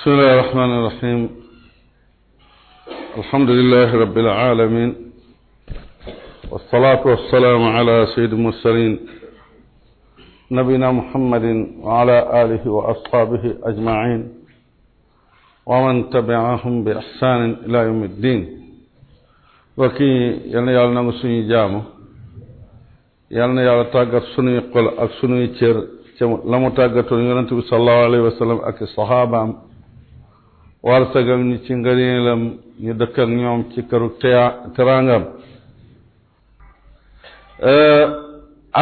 بسم الله الرحمن الرحيم الحمد لله رب العالمين والصلاة والسلام على سيد المرسلين نبينا محمد وعلى آله وأصحابه أجمعين ومن تبعهم بإحسان إلى يوم الدين وكي يلنا يلنا مسوني جامو yàlla na yàlla tàggat sunuy xol ak sunuy cër ca la mu tàggatoon yonente bi sallallahu alayhi wa sallam ak saxaabaam warsagal ñu ci ngëneelam ñu dëkk ak ñoom ci këru teraangam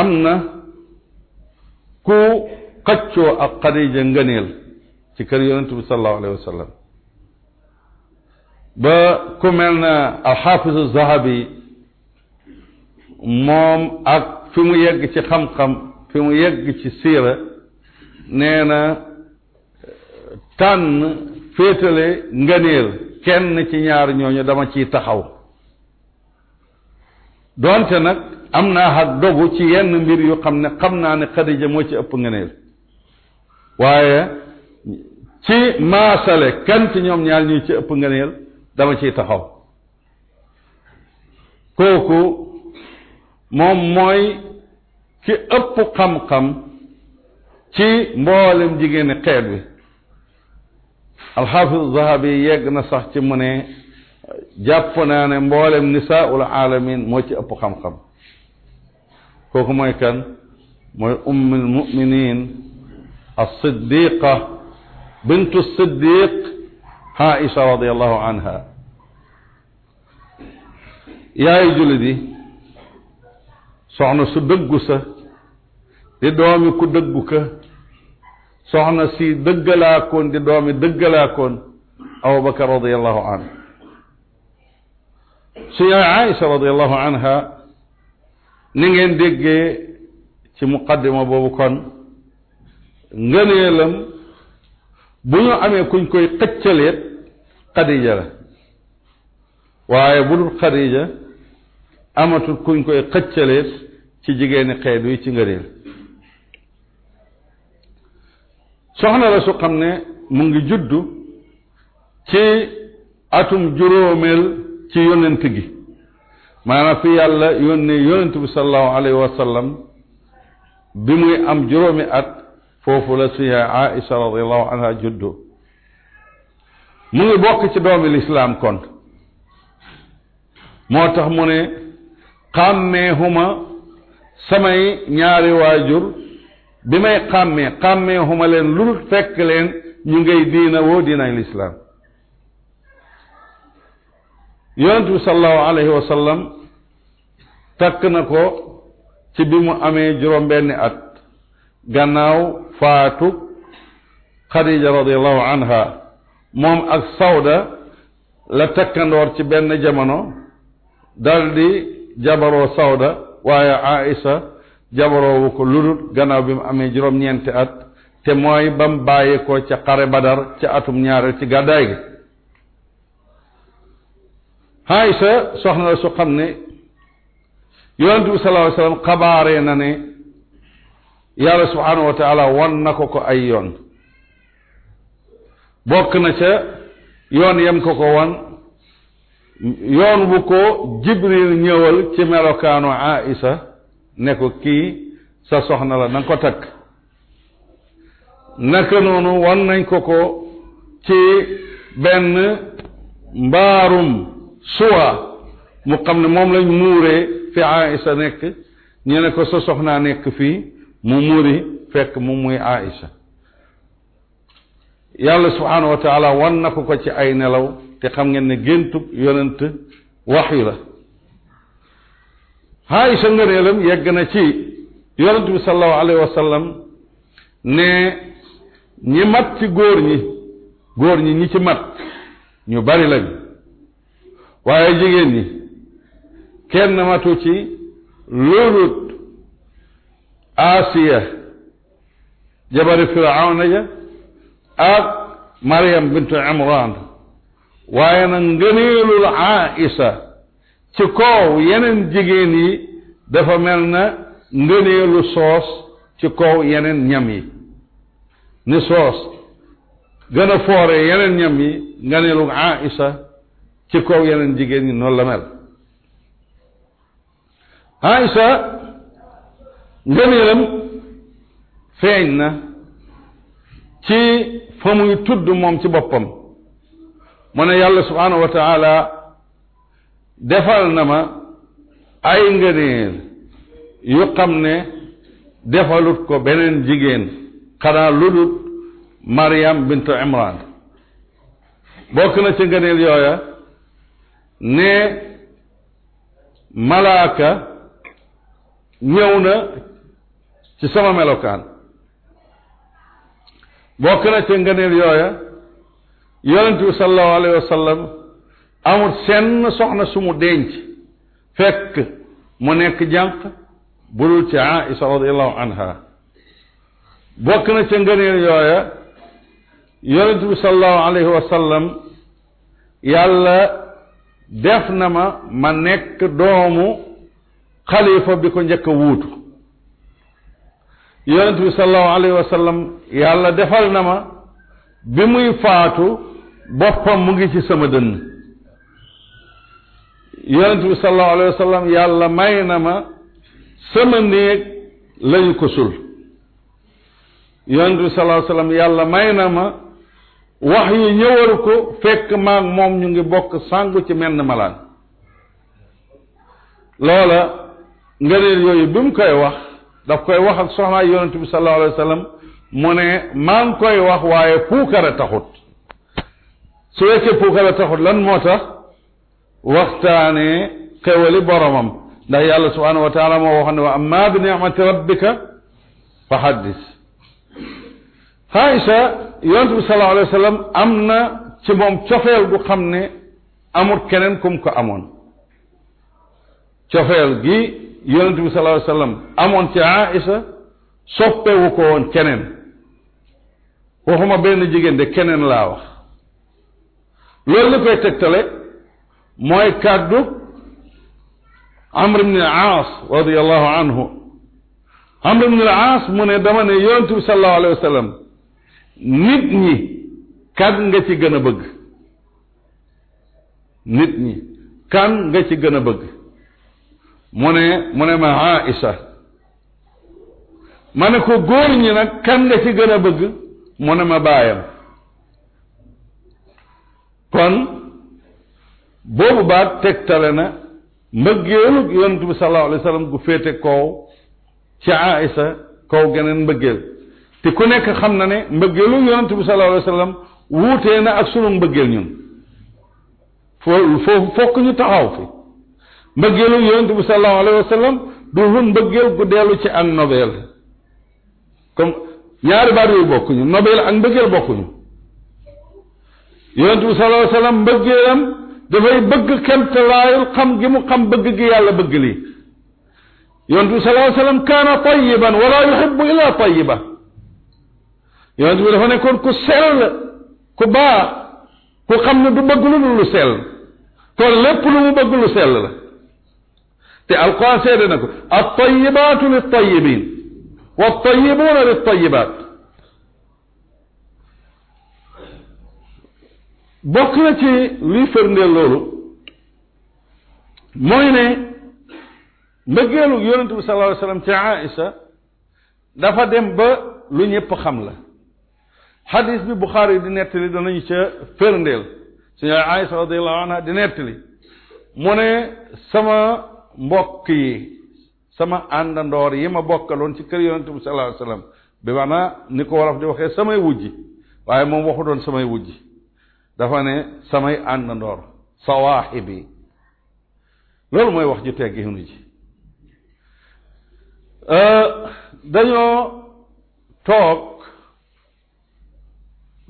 am na ku xaccoo ak Xadija ngëneel ci kër yonent bi sallallahu alayhi wa ba ku mel na alxaafisu zahabi moom ak fi mu yegg ci xam-xam fi mu yegg ci siira nee na tànn féetale ngëneel kenn ci ñaar ñooñu dama ciy taxaw donte nag am naa xag dogu ci yenn mbir yu xam ne xam naa ne Xadija moo ci ëpp ngëneel waaye ci maasale kan ci ñoom ñaar ñu ci ëpp ngëneel dama ciy taxaw kooku moom mooy ki ëpp xam-xam ci mboolem jigéeni xeet bi alxaafis zahabi yegg na sax ci mu ne jàpp naa ne mboolem nisaul alamin moo ci ëpp xam-xam kooku mooy kan mooy ummul muminin alsiddiqa bintu siddiq aisha radiallahu anha yaayu jullit yi soxna su dëggu sa di doomi ku dëggu ka soxna si dëggalaakoon di doomi dëggalaakoon abubakar radiallahu anhu su yaay aïsa radiallahu anha ni ngeen déggee ci muqaddima boobu kon ngëneelam bu ñu amee kuñ koy xëccaleet xadija la waaye bu dul xadija amatul kuñ koy xëccaleet ci jigéeni xeet wi ci ngëneel soxna la su xam ne mu ngi juddu ci atum juróomeel ci yonent gi maanaam fi yàlla yónne yonent bi sallallahu alayhi wa sallam bi muy am juróomi at foofu la suñu yaay Aïcha radiallahu anha juddu mu ngi bokk ci doomi lislaam kon moo tax mu ne xàmmeehuma samay ñaari waajur bi may xàmmee xàmmee xuma leen lu fekk leen ñu ngay diina woo diinay lislaam yonent bi sallallahu alayhi wa sallam takk na ko ci bi mu amee juróom-benni at gannaaw faatu xadija radiallahu anha moom ak sawda la takkandoor ci benn jamono daldi jabaroo sawda waaye aisa jabaroowu ko ludul gannaaw bi mu amee juróom-ñeenti at te mooy ba mu bàyyi ko ca xare badar ca atum ñaareel ci gàddaay gi Aysa soxna la su xam ne yonente bi sallallahu alayhi na ne yàlla subhaanahu wa taala na ko ko ay yoon bokk na ca yoon yem ko ko wan yoon bu ko Jibril ñëwal ci melokaanu Aysa ne ko kii sa soxna la na ko takk naka noonu wan nañ ko ko ci benn mbaarum suwa mu xam ne moom lañ muuree fi Aïsa nekk ñu ne ko sa soxnaa nekk fii mu muuri fekk mu muy Aïsa yàlla subhaanahu wa taala wan na ko ko ci ay nelaw te xam ngeen ne géntub wax waxyu la xaay sa ngëneelam yegg na ci yonent bi sallallahu alayhi wa sallam ne ñi mat ci góor ñi góor ñi ñi ci mat ñu bari lañ waaye jigéen ñi kenn matu ci loolut Asiya jabari firawna ja ak Maryam bintu Imran waaye nag ngëneelul Aïsa ci kaw yeneen jigéen yi dafa mel na ngëneelu soos ci kaw yeneen ñam yi ni soos gën a foore yeneen ñam yi ngëneelu Aïsa ci kaw yeneen jigéen yi noonu la mel Aïsa ngëneelam feeñ na ci fa muy tudd moom ci boppam mu ne yàlla subhaanahu wa taala defal na ma ay ngëneel yu xam ne defalut ko beneen jigéen xanaa ludut Mariam bint Imran bokk na ci ngëneel yooya ne malaaka ñëw na ci sama melokaan bokk na ci ngëneel yooya yonent bi sallallahu alayhi amul senn soxna su mu denc fekk mu nekk jànq bu dul ci Aïsa radiallahu anha bokk na ca ngëneel yooya yonent bi salallahu alayhi wa sallam yàlla def na ma ma nekk doomu xalifa bi ko njëkk a wuutu yonent bi salallahu alayhi wa sallam yàlla defal na ma bi muy faatu boppam mu ngi ci sama dënn yonent bi sallallahu alayhi wa sallam yàlla may na ma sama néeg lañu ko sul yonent bi sallallahu alayhi wa yàlla may na ma wax yu ñëwal ko fekk maag moom ñu ngi bokk sangu ci menn malaan loola ngëneel yooyu bi mu koy wax daf koy wax ak soxnaa yonent bi sallallahu alayhi wa mu ne maa koy wax waaye puukare taxut su fekkee puukare taxut lan moo tax waxtaanee xewali boromam na yàlla subhanahu wa taala ne wa amma bi nicmati rabbika fa xaddis Aïcha yonent bi sallallahu am na ci moom cofeel gu xam ne amul keneen kum ko amoon cofeel gi yonent bi sallallahu alayhi wa sallam amoon ci Aïcha soppewu ko woon keneen waxuma benn jigéen de keneen laa wax loolu li koy mooy kàddu amr ibn al aas radiallahu anhu amr ibn al aas mu ne dama ne yonent bi sallallahu alayhi wa nit ñi kan nga ci gën a bëgg nit ñi kan ci gën a bëgg mu ne ne ma Aïcha ma ko góor ñi nag kan nga ci gën a bëgg mu ma baayam kon boobu baat tegtale na mbëggeelu yonent bi sallallahu alayhi wa gu féete kaw ci Aïsa kaw geneen mbëggeel te ku nekk xam na ne mbëggeelu yonent bi sallallahu alayhi wa sallam na ak sunu mbëggeel ñun foo foo fokk ñu taxaw fi mbëggeelu yonent bi sallallahu alayhi wa du hun mbëggeel gu dellu ci ak nobel comme ñaari baat yooyu bokkuñu nobel ak mbëggeel bokkuñu yonent bi sallallahu alayhi wa mbëggeelam dafay bëgg kemtalaayul xam gi mu xam bëgg gi yàlla bëgg lii yonent bi salaa sallam kaana tayiban wala yuhibu illa tayiba yonent bi nekkoon ku sell ku baax ku xam ne du bëgg lu dul lu sell kon lépp lu mu bëgg lu sell la te seede na ko al tayibaatu lil tayibin wa tayibuuna lil tayibaat bokk na ci luy firndeel loolu mooy ne mbëggeelu yonente bi sallallahu alayhi dafa dem ba lu ñëpp xam la xadis bi Buxaari di nettali danañu ca firndeel suñu Aïsa radiallahu anha di nettali mu ne sama mbokk yi sama àndandoor yi ma bokkaloon ci kër yonente bi sallallahu alayhi wasallam ni ko wolof di waxee samay wujj waaye moom waxu doon samay wujji dafa ne samay àndandoor sawaaxibi loolu mooy wax ju tegginu ji euh, dañoo toog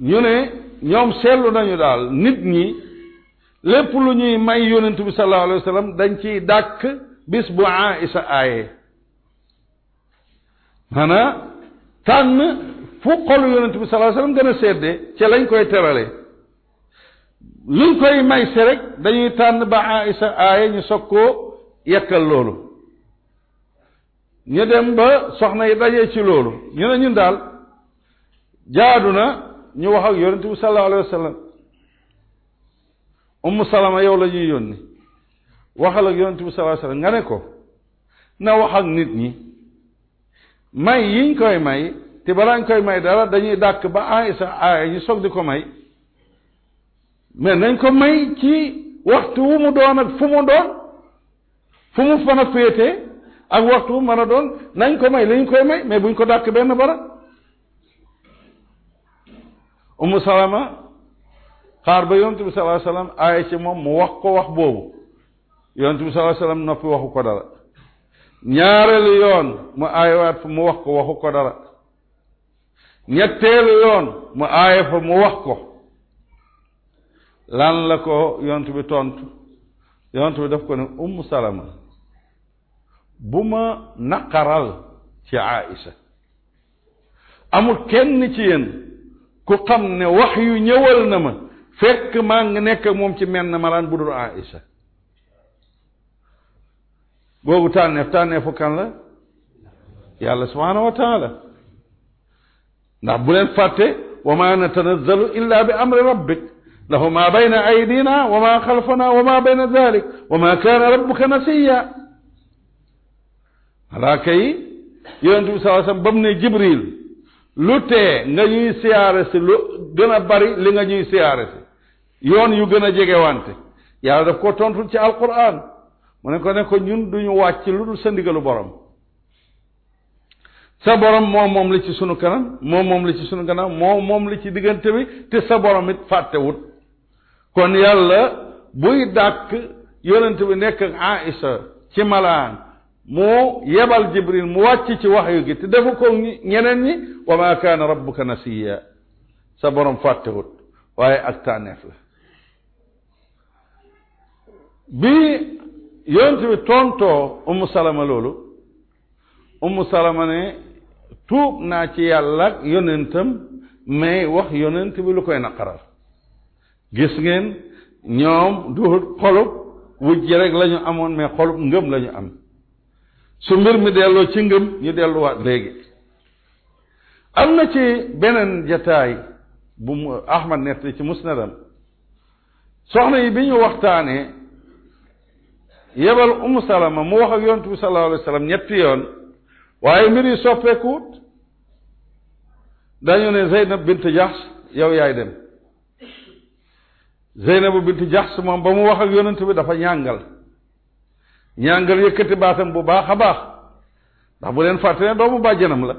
ñu ne ñoom seetlu nañu daal nit ñi lépp lu ñuy may yonent bi sallallahu alayhi wa dañ ciy dàkk bis bu sa aaye maanaa tànn fu xolu yonent bi sallallahu alayhi wa gën a sedde ci lañ koy terale luñ koy may si rek dañuy tànn ba Aïsa aaya ñu soog koo yekkal loolu ñu dem ba soxna yi dajee ci loolu ñu ne ñun daal jaadu na ñu wax ak yonente bi sallallahu alayhi wa yow la ñuy yónni waxal ak yonente nga ne ko na wax ak nit ñi may yiñ koy may te balaañ koy may dara dañuy dàkk ba Aïsa aaya ñu soog di ko may mais nañ ko may ci waxtu wu mu doon ak fu mu doon fu mu fan féete ak waxtu wu mën a doon nañ ko may liñ koy may mais buñ ko dàkk benn barab umu salama xaar ba yonent bi salaa ci moom mu wax ko wax boobu yonent bi salaa noppi waxu ko dara ñaareelu yoon mu aayawaat fa mu wax ko waxu ko dara ñetteelu yoon mu aaya fa mu wax ko lan la ko yont bi tontu yont bi def ko ne umm salama bu ma naqaral ci aïsa amul kenn ci yéen ku xam ne wax yu ñëwal na ma fekk maa ngi nekk moom ci menn malaan bu dul aïsa boobu tànneef tànneefu kan la yàlla subhaanahu wa ndax bu leen fàtte wa ma natanazzalu illa bi amri rabbik له ما بين أيدينا وما خلفنا وما بين ذلك وما كان ربك نسيا malaaka yi yonent bi saa sallam ba mu ne jibril lu tee nga ñuy siyaare si lu gën a bari li nga ñuy siyaare si yoon yu gën a jegewante yàlla daf ko tontul ci alquran mu ne ko ne ko ñun duñu wàcc lu dul sa ndigalu borom sa borom moom moom ci sunu kanam moom moom li ci sunu kanam moom moom li ci diggante bi te sa borom it fàttewut kon yàlla buy dàkk yonent bi nekk ak Aïcha ci malaan mu yebal jibril mu wàcc ci waxyu gi te defu ko ñeneen ñi wa ma kaana rabbuka nasiya sa borom fàttewut waaye ak tànneef la bi yonent bi tontoo umu salama loolu umu salama ne tuub naa ci yàlla ak yonentam mais wax yonent bi lu koy naqaral gis ngeen ñoom du xolub wujj rek la amoon mais xolub ngëm lañu am su mbir mi delloo ci ngëm ñu delluwaat léegi am na ci beneen jataay bu mu Ahmad nett ci musnadam soxna yi bi ñu waxtaanee yebal umu salama mu wax ak yoontu bi sallallahu alayhi ñetti yoon waaye mbir yi soppeekuwut dañu ne Zeynab bint Jahsh yow yaay dem Zeynabu bintu Jaxs moom ba mu wax ak yonent bi dafa ñàngal ñàngal yëkkati baatam bu baax a baax ndax bu leen fàtte ne doomu bàjjanam la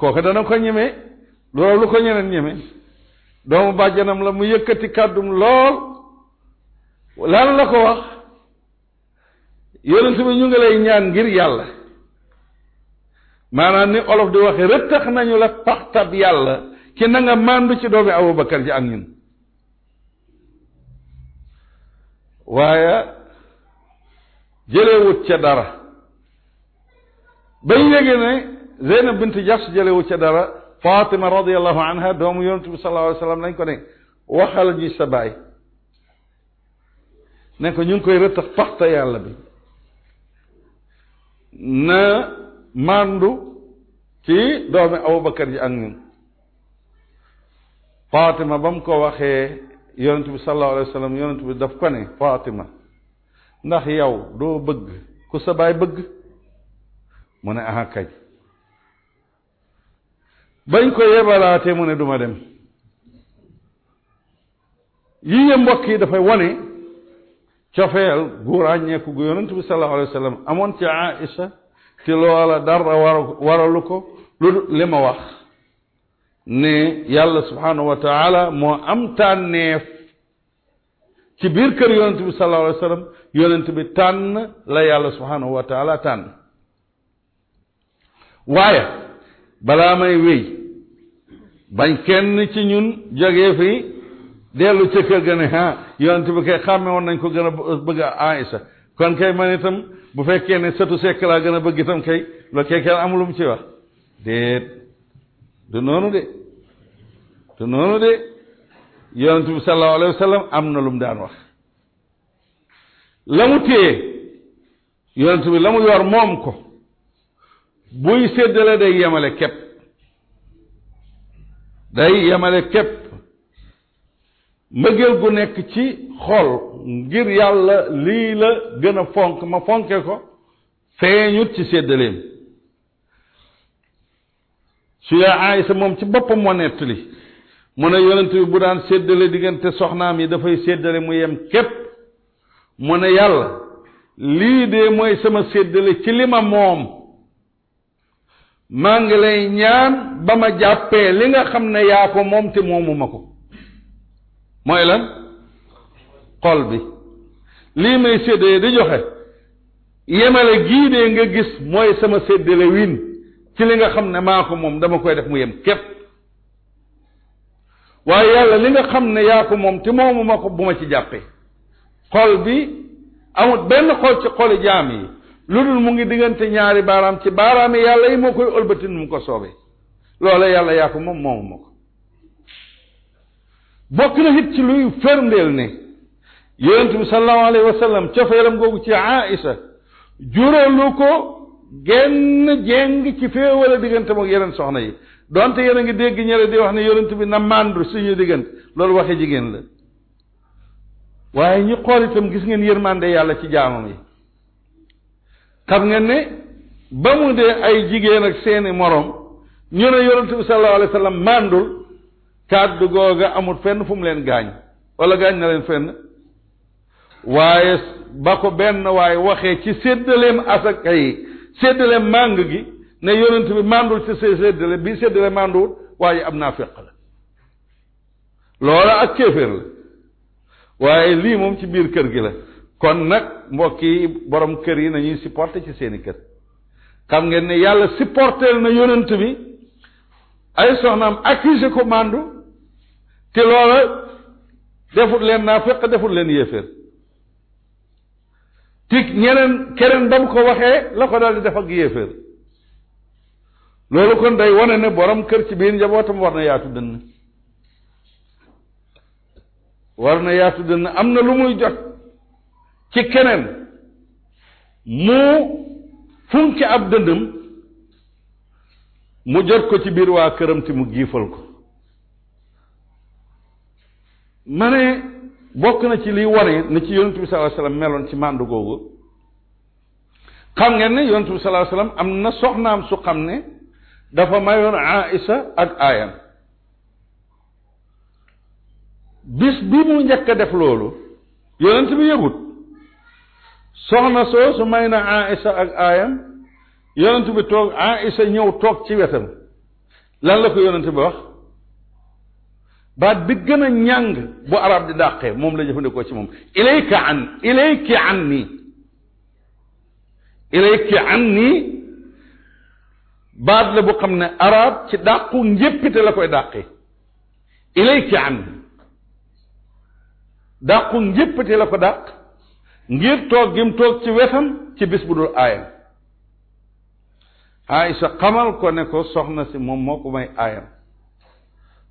kooke dana ko ñeme loolu lu ko ñeneen ñeme doomu bàjjanam la mu yëkkati kàddum lool lan la ko wax yonent bi ñu ngi lay ñaan ngir yàlla maanaam ni olof di waxe rëttax nañu la paxtab yàlla ci na nga màndu ci doomi Abubakar ji ak ñun waaye jëlewut ca dara bañ yége ne Zeynab bint Jahsh jëlewut ca dara Fatima radiallahu anha doomu yonent bi sallallahu alayhi wasallam lañ ko ne waxal ji sa baay ne ko ñu ngi koy rëttax paxta yàlla bi na màndu ci doomi Abubakar ji ak ñun bam ko waxee yonent bi sallallahu alayhi wa sallam bi daf ko ne Fatima ndax yow doo bëgg ku sa baay bëgg mu ne aha kañ bañ ko yebalaatee mu ne duma dem yi yë mbokk yi dafay wane cofeel gu ràññeeku gu yonent bi sallallahu alayhi wa amoon ci Aïcha te loola dara waralu ko lu li ma wax ne yàlla subhanahu wa taala moo am tànneef ci biir kër yonent bi sallallahu alayhi wa sallam yonent bi tànn la yàlla subhanahu wa taala tànn waaye balaa may wéy bañ kenn ci ñun jógee fii dellu ca kër ga ne ah yonent bi kay xàmme woon nañ ko gën a bëgg a Aïsa kon kay man itam bu fekkee ne satu sekk laa gën a bëgg itam kay loolu kay kenn amulum ci wax déet du noonu de du noonu de yonent bi sallallahu alayhi wa am na lu mu daan wax la mu téye yonent bi la mu yor moom ko buy séddale day yemale képp day yemale képp mbëggeel gu nekk ci xol ngir yàlla lii la gën a fonk ma fonke ko feeñut ci séddaleem su yaa Aysa moom ci boppam moo nettali mu ne yonent bi bu daan séddale diggante soxnaam yi dafay séddale mu yem képp mu ne yàlla lii de mooy sama séddale ci li ma moom maa ngi lay ñaan ba ma jàppee li nga xam ne yaa ko moom te moomuma ko mooy la xool bi lii may séddale di joxe yemale gii de nga gis mooy sama séddale win ci li nga xam ne maa ko moom dama koy def mu yem képp waaye yàlla li nga xam ne yaa ko moom te moomu ma ko bu ma ci jàppee xol bi amut benn xol ci xoli jaam yi lu dul mu ngi diggante ñaari baaraam ci baaraami yàlla yi moo koy ëlbati nu mu ko soobee loola yàlla yaa ko moom moomu ma ko bokk na it ci luy ferndeel ne yonent bi sallallahu alayhi wa sallam googu ci Aïsa juróolu ko genn jéng ci féewale diggante moog yeneen soxna yi donte yéen a ngi dégg ñële di wax ne yonent bi na màndu suñu diggante loolu waxe jigéen la waaye ñu xool itam gis ngeen yërmande yàlla ci jaamam yi xam ngeen ne ba mu dee ay jigéen ak seeni moroom ñu ne yonent bi sallallahu alayhi wa màndul kàddu googa amul fenn fu mu leen gaañ wala gaañ na leen fenn waaye ba ko benn waaye waxee ci séddaleem asaka yi séddale màng gi ne yonent bi mandul ci say séddale bii séddale waaye am naa feq la loola ak kéeféer la waaye lii moom ci biir kër gi la kon nag mbokk yi borom kër yi nañuy supporté ci seeni kër xam ngeen ni yàlla supporteel na yonent bi ay soxnaam accusé ko mandu te loola defut leen naa feq defut leen yéeféer tik ñeneen keneen dam ko waxee la ko daal def ak yéeféer loolu kon day wane ne boroom kër ci biir njabootum war na yaatu dënn war na yaatu dënn am na lu muy jot ci keneen mu funki ab dëndam mu jot ko ci biir waa këram te mu giifal ko ma bokk na ci liy wari na ci yonent bi sallallahu alayhi meloon ci màndu googu xam ngeen ne yonent bi sallallahu alayhi am na soxnaam su xam ne dafa mayoon Aïsa ak aayam bis bi mu njëkk def loolu yonent bi yëgut soxna soo su may na Aïsa ak aayam yonent bi toog Aïsa ñëw toog ci wetam lan la ko yonent bi wax baat bi gëna a bu arab di dàqee moom la jëfandikoo ci moom ilayka an ilayki an ilayki an baat la bu xam ne arab ci dàqu njéppite la koy dàqee ilayki an dàqu njéppite la ko dàq ngir toog gim toog ci wetam ci bis bu dul aayam Aïcha xamal ko ne ko soxna si moom moo ko may aayam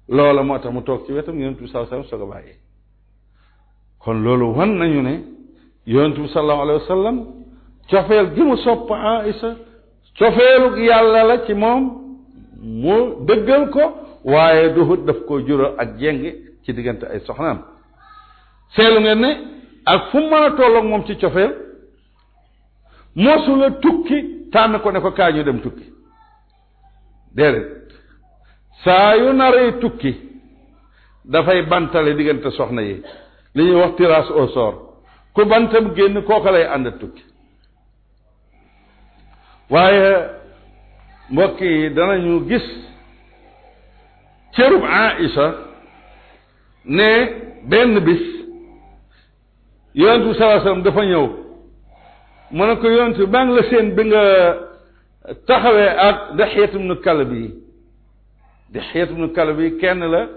loola moo tax mu toog ci wetam yonent bi sallallahu alayhi wasallam soog a bàyyi kon loolu wan nañu ni yonent bi sallallahu alayhi wasallam cofeel gi yàlla la ci moom mu ko waaye duhut daf koo jural ak jeng ci diggante ay soxnaam seelu ngeen ne ak moom ci cofeel mosula tukki tànn ko ne ko kaa ñu dem tukki déedéet saa yu naree tukki dafay bantale diggante soxna yi li ñuy wax tirage au sort ku bantam génn kooka lay ànd tukki waaye mbokk yi danañu gis cërub Aïcha ne benn bis yonent bi salaa dafa ñëw mu ne ko yonent bi maa la seen bi nga taxawee ak Dahiyatu bnu Kalb yi di xeet ibnu kalab yi kenn la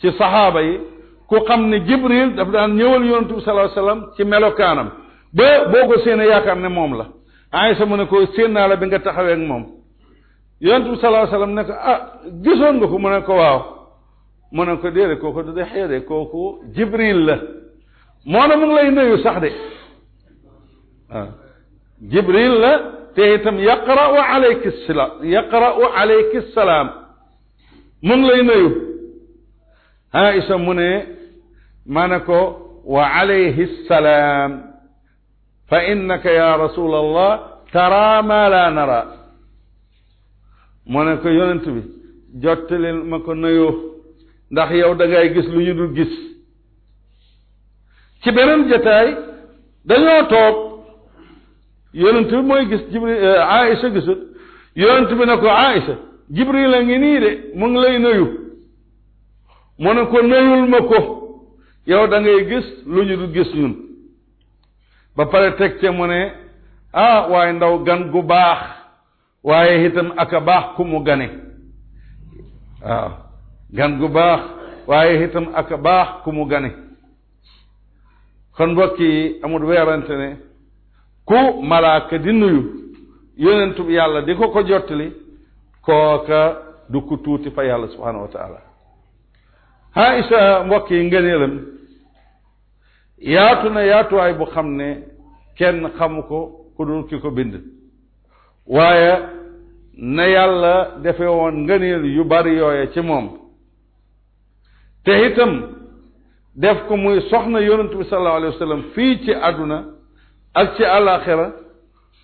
ci saxaaba yi ku xam ne jibril daf daan ñëwal yonent bi sallallahu ci melokaanam ba boo ko séene yaakaar ne moom la Aysa mu ne ko séen naa la bi nga taxawee moom yonent salaa sallallahu alayhi wasallam ne ko ah gisoon nga ko mu ne ko waaw mu ne ko déedéet kooku du Dihya de kooku jibril la moo ne mu ngi lay sax de ah. jibril la te itam yaqra'u alayki salaam yaqra'u alayki salaam mun lay nuyu Aïsa mu ne ma ne ko wa alayhi salaam fa innaka ya rasul allah tara ma la nara mu ne ko yonent bi jottalil ma ko nuyoo ndax yow da ngay gis lu ñu dul gis ci beneen jotaay dañoo toog yonent bi mooy gis jibril Aïsa gisut yonent bi ne ko Aïsa jibril a ngi nii de mu ngi lay nuyu mu ne ko nuyul ma ko yow dangay gis lu ñu du gis ñun ba pare teg ca mu ne ah waaye ndaw gan gu baax waaye itam ak a baax ku mu gane waaw gan gu baax waaye itam ak baax ku mu gane kon mbokk amul weerante ne ku malaaka di nuyu yonentub yàlla di ko ko jottali kooka du tuuti fa yàlla subhanahu wa taala mbokk yi ngëneelam yaatu na yaatuwaay bu xam ne kenn xamu ko ku dul ki ko bind waaye na yàlla defe woon ngëneel yu bari yooye ci moom te itam def ko muy soxna yonent bi sallallahu alayhi wa fii ci àdduna ak ci àllaaxira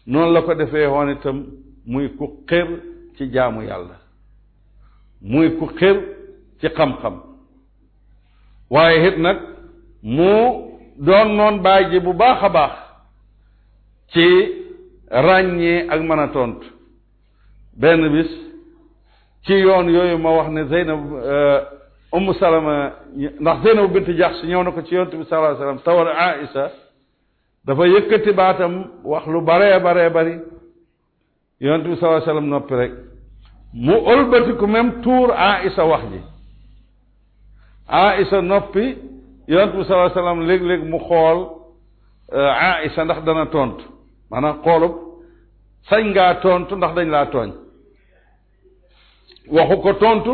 noonu la ko defee woon itam muy ku xër ci jaamu yàlla muy ku xir ci xam-xam waaye it nag mu doon noon baay bu baax a baax ci ràññee ak mën a tontu benn bis ci yoon yooyu ma wax ne Zeynab umm salama ndax Zeynab bint Jaxs ñëw na ko ci yonent bi sallallahu alayhi wa dafa yëkkati baatam wax lu bare baree bari yonent bi sallallahu alayhi noppi rek mu ëlbatiku même tuur Aïsa wax ji Aïsa noppi yonent bi sallallahu léeg-léeg mu xool euh, Aïsa ndax dana tontu maanaam xoolub sañ ngaa tontu ndax dañ laa tooñ waxu ko tontu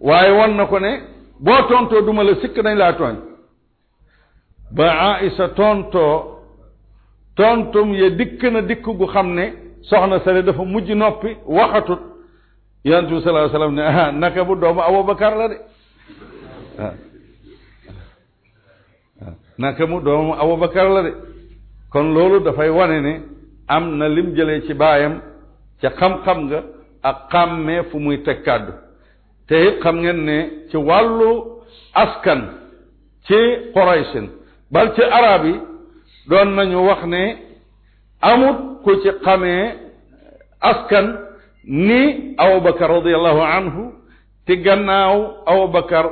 waaye wan na ko ne boo tontoo duma la sikk dañ laa tooñ ba Aïsa tontoo tontum ya dikk na dikk gu xam ne soxna sare dafa mujj noppi waxatut yonent bi sallallahu ne naka bu doomu Abubakar la de ah. Ah. naka mu doomu Abubakar la de kon loolu dafay wane ni am na lim jëlee ci baayam ca xam-xam nga ak xàmmee fu muy teg kàddu te it xam ngeen ne ci wàllu askan ci Quraysh bal ci arab yi doon nañu wax ne amut ku ci xamee askan ni Abubakar radiallahu anhu ci gannaaw Abubakar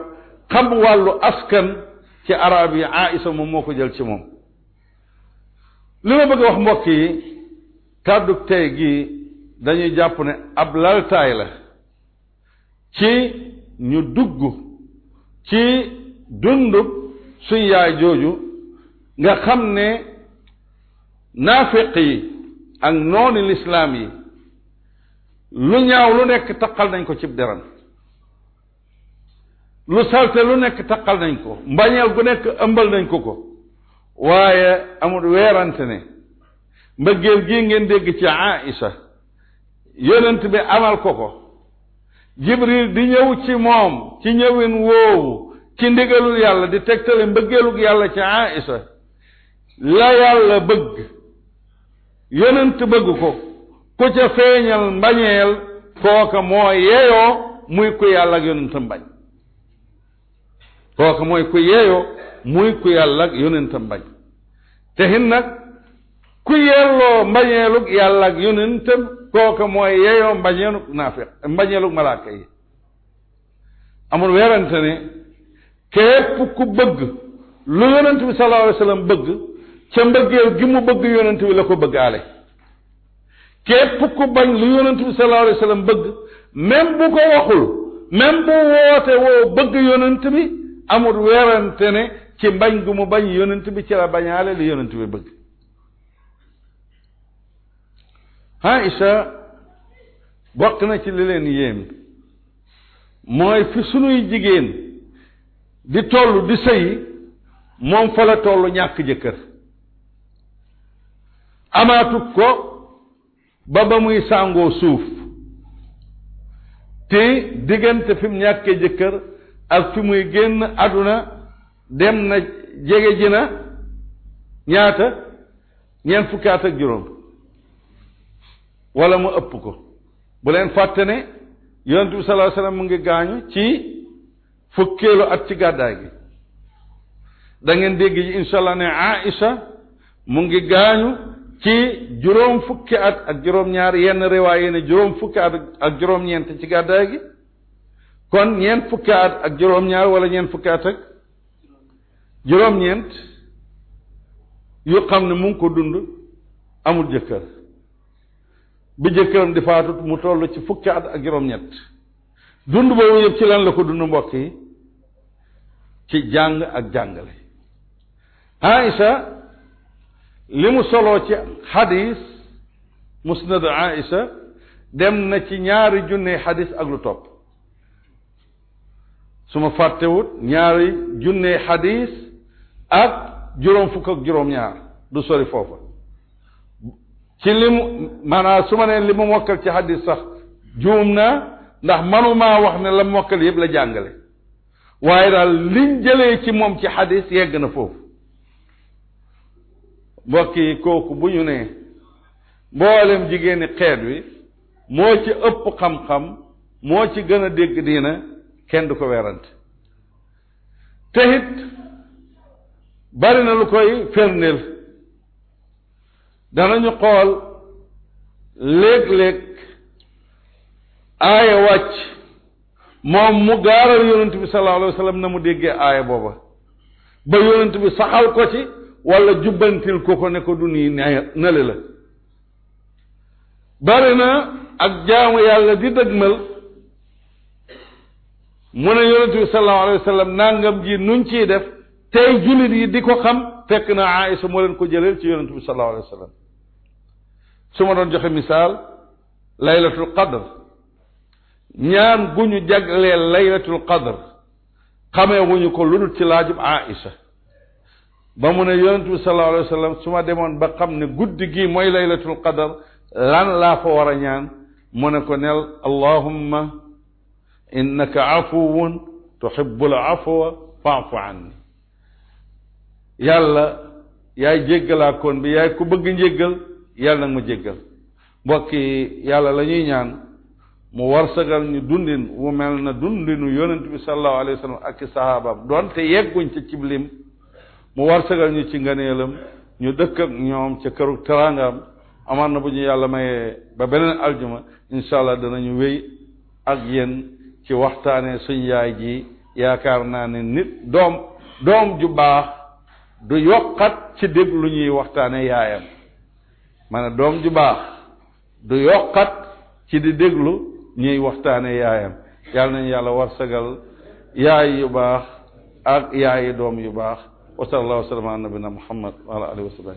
xam wàllu askan ci arab yi Aïsa moom moo ko jël ci moom li ma bëgg wax mbokk yi kàddu tey gi dañuy jàpp ne ab laltaay la ci ñu dugg ci dundub suñ yaay jooju nga xam ne naafiq ak nooni lislaam yi lu ñaaw lu nekk taqal nañ ko cib deram lu salte lu nekk taqal nañ ko mbañeel gu nekk ëmbal nañ ko ko waaye amul weerante ne mbëggeel gii ngeen dégg ci Aïsa yonent bi amal ko ko jibril di ñëw ci moom ci ñëwin woowu ci ndigalul yàlla di tegtale mbëggeelug yàlla ci Aïsa la yàlla bëgg yonent bëgg ko ku ca feeñal mbañeel kooka moo yeeyoo muy ku yàlla ak yonentam kooka mooy ku yeeyoo muy ku yàlla ak yonentam bañ te it nag ku yelloo mbañeelug yàlla ak kooka mooy yeeyoo mbañeelug naafiq mbañeelug malaaka yi amul weerante ne képp ku bëgg lu yonent bi sallallahu alayhi wa sallam bëgg ca mbëggeel gi mu bëgg yonent bi la ko bëggaale képp ku bañ lu yonent bi sallallahu alayhi wasallam bëgg même bu ko waxul même bu woote woo bëgg yonent bi amul werante ne ci mbañ gu mu bañ yonent bi ci la bañaale lu yonent bi bëgg Aïcha bokk na ci li leen yéem mooy fi sunuy jigéen di toll di sëyi moom fa la toll ñàkk jëkkër amaatu ko ba ba muy sàngoo suuf te diggante fim mu ñàkkee jëkkër ak fi muy génn àdduna dem na jege ji na ñaata ñeent fukki at ak juróom wala mu ëpp ko bu leen fàtte ne yonent bi sallallahu mu ngi gaañu ci fukkeelu at ci gàddaay gi da dégg ji incha ne Aïcha mu ngi gaañu ci juróom fukki at ak juróom-ñaar yenn riwaay yi juróom fukki at ak juróom-ñeent ci gàddaay gi kon ñeent fukki at ak juróom-ñaar wala ñeent fukki at ak juróom-ñeent yu xam ne mu ngi ko dund amul jëkkër bi jëkkëram di faatut mu toll ci fukki at ak juróom-ñett dund boobu yëpp ci lan la ko dund mbokk yi ci jàng ak jàngale Aïcha li mu soloo ci xadis musnad Aïsa dem na ci ñaari junne xadis ak lu topp su ma fàttewut ñaari junne xadis ak juróom fukk ak juróom-ñaar du sori foofa ci li mu maanaam su ma nee li mu mokkal ci xadis sax juum na ndax manumaa wax ne la mokkal yëpp la jàngale waaye daal liñ jëlee ci moom ci xadis yegg na foofu mbokk yi kooku bu ñu nee mboolem jigéeni xeet wi moo ci ëpp xam-xam moo ci gën a dégg diina kenn du ko werante te it bari na lu koy firndeel ñu xool léeg-léeg aaya wàcc moom mu gaaral yonent bi sallallahu alayhi wa sallam na mu déggee aaya booba ba yonent bi saxal ko ci wala jubbantil ko ko ne ko du nii nale la bari na ak jaamu yàlla di dëgmal mu ne yonent bi sallallahu alayhi wa sallam nangam ji nuñ ciy def tey jullit di ko xam fekk na Aïsa moo leen ko jëleel ci yonent bi sallallahu alayhi wa sallam su ma doon joxe misaal laylatul qadr ñaan gu ñu jagleel laylatul qadr xamee wuñu ko lu dul ci laajub Aïsa ba mu ne yonent bi sallallahu alayhi wa su ma demoon ba xam ne guddi gi mooy laylatul qadar lan laa fa war a ñaan mu ne ko nel allahumma innaka afuwun tuhibbul afwa faafu anni yàlla yaay jéggalaakoon bi yaay ku bëgg njéggal yàlla nag mu jéggal mbokk yi yàlla la ñuy ñaan mu warsagal ñu dundin wu mel na dundinu yonent bi sallallahu alayhi wa sallam ak i sahaabam doonte yegguñ ca ciblim mu warsagal ñu ci nganeelam ñu dëkk ak ñoom ca këru teraangaam amaan na bu ñu yàlla mayee ba beneen aljuma incha allah danañu wéy ak yéen ci waxtaanee suñ yaay ji yaakaar naa ne nit doom doom ju baax du yokkat ci déglu ñuy waxtaane yaayam ma doom ju baax du yokkat ci di déglu ñuy waxtaane yaayam yàlla nañu yàlla warsagal yaay yu baax ak yaayi doom yu baax wa sallallahu wa sallam ala nabina Muhammad wa ala alihi wa sahbihi